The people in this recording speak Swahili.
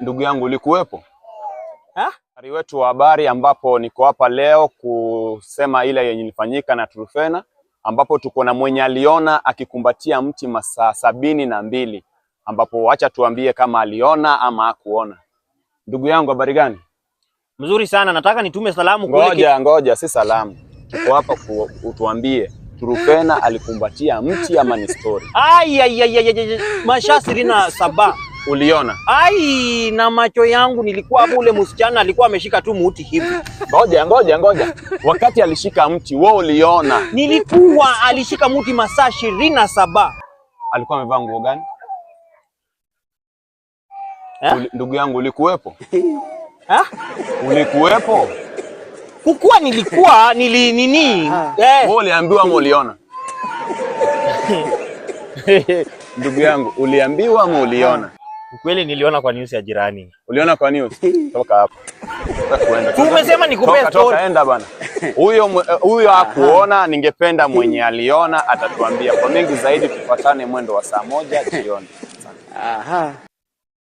ndugu yangu ulikuwepo hari wetu wa habari, ambapo niko hapa leo kusema ile yenye ilifanyika na Turufena, ambapo tuko na mwenye aliona akikumbatia mti masaa sabini na mbili, ambapo acha tuambie kama aliona ama hakuona. Ndugu yangu habari gani? Mzuri sana, nataka nitume salamu. Ngoja ngoja, si salamu, tuko hapa utuambie Turufena alikumbatia mti ama ni story? Ai, ai, ai, ai, ai, mashaa saba Uliona? Ai, na macho yangu nilikuwa hapo. Ule msichana alikuwa ameshika tu muti hivi. Ngoja ngoja ngoja, wakati alishika mti wewe uliona? Nilikuwa alishika muti masaa ishirini na saba. Alikuwa amevaa nguo gani? Eh? Ndugu yangu ulikuwepo? Eh? Ulikuwepo? Kukuwa nilikuwa nili nini? Ah. Eh. Uliambiwa ama uliona? Ndugu yangu uliambiwa ama uliona? Ukweli niliona kwa news ya jirani. Uliona kwa news? Toka hapo. Umesema nikupe story. enda bana. Huyo huyo hakuona, ningependa mwenye aliona atatuambia. Kwa mengi zaidi tufuatane mwendo wa saa moja jioni. Aha.